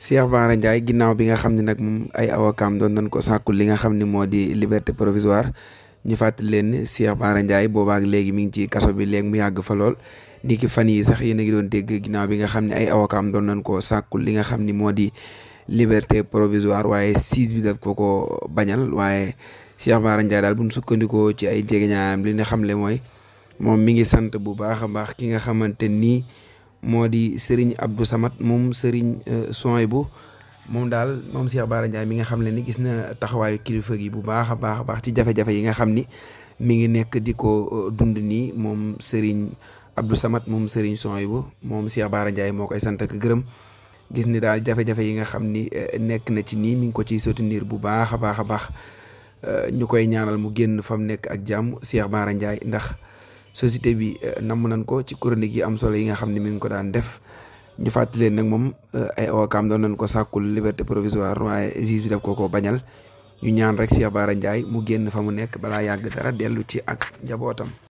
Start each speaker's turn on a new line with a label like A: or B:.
A: Cheikh Bara Ndiaye ginnaaw bi nga xam ne nag moom ay awakaam doon nañ ko sàkkul li nga xam ne moo di liberté provisoire ñu fàttali leen ni Cheikh Bara Ndiaye boobaak léegi mi ngi ci kaso bi léegi mu yàgg fa lool ni ki fan yi sax yéen a ngi doon dégg ginnaaw bi nga xam ne ay awakaam doon nañ koo sàkkul li nga xam ni moo di liberté provisoire waaye siis bi daf ko ko bañal waaye Cheikh Bara Ndiaye daal bu ñu sukkandikoo ci ay jegeñaayam li nga xam le mooy moom mi ngi sant bu baax a baax ki nga xamante nii moo di Serigne Abdou samat moom Serigne euh, bu moom daal moom Cheikh Bara Ndiaye mi nga xam ne ni gis na taxawaayu kilifa gi bu baax a baax a baax ci jafe yi nga xam ni mi ngi nekk di ko euh, dund nii moom Serigne Abdou samat moom Serigne Souhaïbou moom Cheikh Bara Ndiaye moo koy sant ak gërëm gis ni daal jafe-jafe yi nga xam ni euh, nekk na ci nii mi ngi ko ciy soutenir bu baax a baax a baax ñu koy ñaanal mu génn fa mu nekk ak jàmm Cheikh Bara Ndiaye ndax. société bi euh, namu nañ ko ci chronique yi am solo yi nga xam ne mi ngi ko daan def ñu fàttali leen nag moom euh, ay okaam doon nañ ko sàkkul liberté provisoire waaye juge bi daf ko ko bañal ñu ñaan rek Cheikh Bara Ndiaye mu génn fa mu nekk balaa yàgg dara dellu ci ak
B: njabootam.